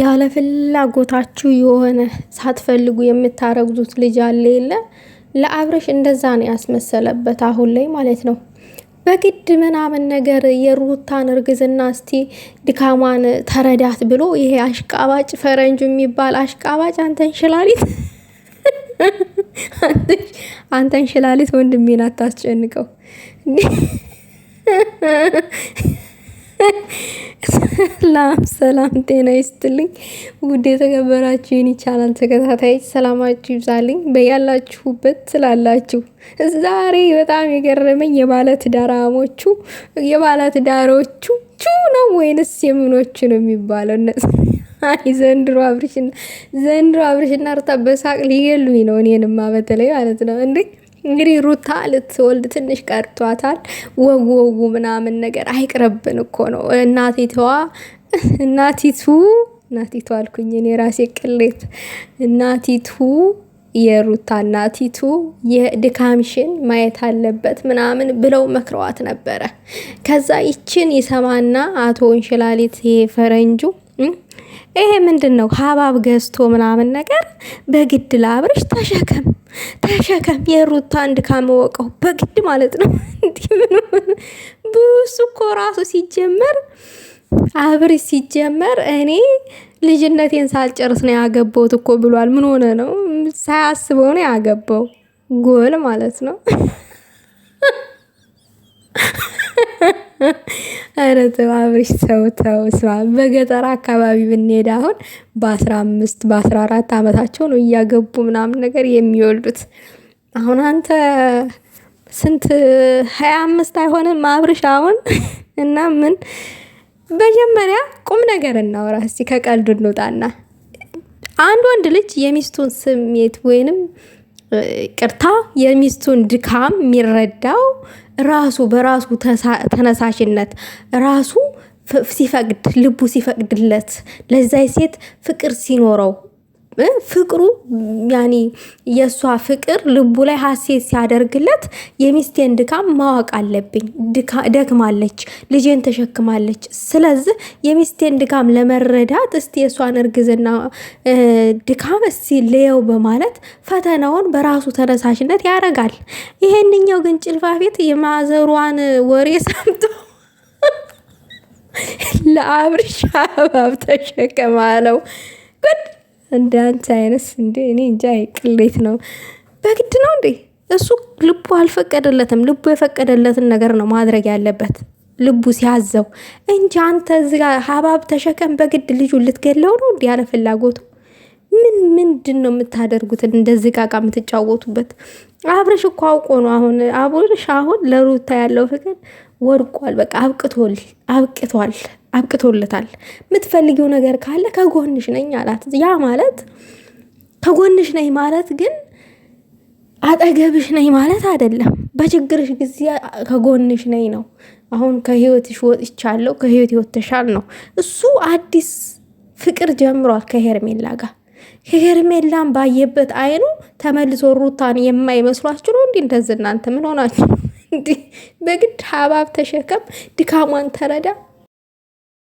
ያለ ፍላጎታችሁ የሆነ ሳትፈልጉ የምታረግዙት ልጅ አለ የለ። ለአብረሽ እንደዛ ነው ያስመሰለበት አሁን ላይ ማለት ነው። በግድ ምናምን ነገር የሩታን እርግዝና እስቲ ድካማን ተረዳት ብሎ ይሄ አሽቃባጭ ፈረንጁ የሚባል አሽቃባጭ አንተን ሽላሊት አንተን ሽላሊት ወንድሜን አታስጨንቀው። ላም ሰላም፣ ጤና ይስጥልኝ ውድ የተከበራችሁ የኔ ቻናል ተከታታይ ሰላማችሁ ይብዛልኝ በያላችሁበት ስላላችሁ። ዛሬ በጣም የገረመኝ የባለትዳራሞቹ የባለትዳሮቹ ቹ ነው ወይንስ የምኖቹ ነው የሚባለው? አይ ዘንድሮ አብርሽና ዘንድሮ አብርሽና ሩታ በሳቅ ሊገሉኝ ነው እኔንማ፣ በተለይ ማለት ነው እንዴ እንግዲህ ሩታ ልትወልድ ትንሽ ቀርቷታል። ወጉ ወጉ ምናምን ነገር አይቅረብን እኮ ነው። እናቴቷ እናቲቱ እናቲቱ አልኩኝ እኔ ራሴ ቅሌት እናቲቱ የሩታ እናቲቱ የድካምሽን ማየት አለበት ምናምን ብለው መክረዋት ነበረ። ከዛ ይችን ይሰማና አቶ እንሽላሊት ይሄ ፈረንጁ ይሄ ምንድን ነው ሀባብ ገዝቶ ምናምን ነገር በግድ ላብርሽ ተሸከም ተሸከም የሩታ አንድ ካመወቀው በግድ ማለት ነው። ብዙ እኮ ራሱ ሲጀመር አብር ሲጀመር እኔ ልጅነቴን ሳልጨርስ ነው ያገባሁት እኮ ብሏል። ምን ሆነ ነው ሳያስበው ነው ያገባው ጎል ማለት ነው። ኧረ ተው አብርሽ ተው ተው። በገጠር አካባቢ ብንሄድ አሁን በአስራ አምስት በአስራ አራት ዓመታቸው ነው እያገቡ ምናምን ነገር የሚወልዱት። አሁን አንተ ስንት ሀያ አምስት አይሆንም አብርሽ አሁን እና ምን መጀመሪያ ቁም ነገር እናውራ እስቲ፣ ከቀልዱ እንውጣና አንድ ወንድ ልጅ የሚስቱን ስሜት ወይንም ቅርታ የሚስቱን ድካም የሚረዳው ራሱ በራሱ ተነሳሽነት ራሱ ሲፈቅድ ልቡ ሲፈቅድለት ለዛይ ሴት ፍቅር ሲኖረው ፍቅሩ ያኔ የእሷ ፍቅር ልቡ ላይ ሀሴት ሲያደርግለት የሚስቴን ድካም ማወቅ አለብኝ፣ ደክማለች፣ ልጄን ተሸክማለች። ስለዚህ የሚስቴን ድካም ለመረዳት እስቲ የእሷን እርግዝና ድካም እስቲ ልየው በማለት ፈተናውን በራሱ ተነሳሽነት ያደርጋል። ይሄንኛው ግን ጭልፋ ቤት የማዘሯን ወሬ ሰምቶ ለአብርሽ አባብ ተሸከማለው። እንደ አንቺ አይነት እንደ እኔ እንጃ ቅሌት ነው። በግድ ነው እንዴ? እሱ ልቡ አልፈቀደለትም። ልቡ የፈቀደለትን ነገር ነው ማድረግ ያለበት ልቡ ሲያዘው እንጂ አንተ እዚህ ሀባብ ተሸከም በግድ ልጁ ልትገለው ነው እንዲህ ያለ ፍላጎቱ ምንድን ነው የምታደርጉት? እንደዚህ ቃቃ የምትጫወቱበት አብረሽ እኮ አውቆ ነው። አሁን አብረሽ አሁን ለሩታ ያለው ፍቅር ወድቋል። በቃ አብቅቶል አብቅቷል አብቅቶለታል። የምትፈልጊው ነገር ካለ ከጎንሽ ነኝ አላት። ያ ማለት ከጎንሽ ነኝ ማለት ግን አጠገብሽ ነኝ ማለት አይደለም። በችግርሽ ጊዜ ከጎንሽ ነኝ ነው። አሁን ከህይወትሽ ወጥቻለሁ ከህይወት ይወተሻል ነው። እሱ አዲስ ፍቅር ጀምሯል ከሄርሜላ ጋር ሄርሜላን ባየበት አይኑ ተመልሶ ሩታን የማይመስሏችሁ ነው እንዲ እንደዚህ እናንተ ምን ሆናችሁ? እንዲህ በግድ ሀባብ ተሸከም ድካሟን ተረዳ።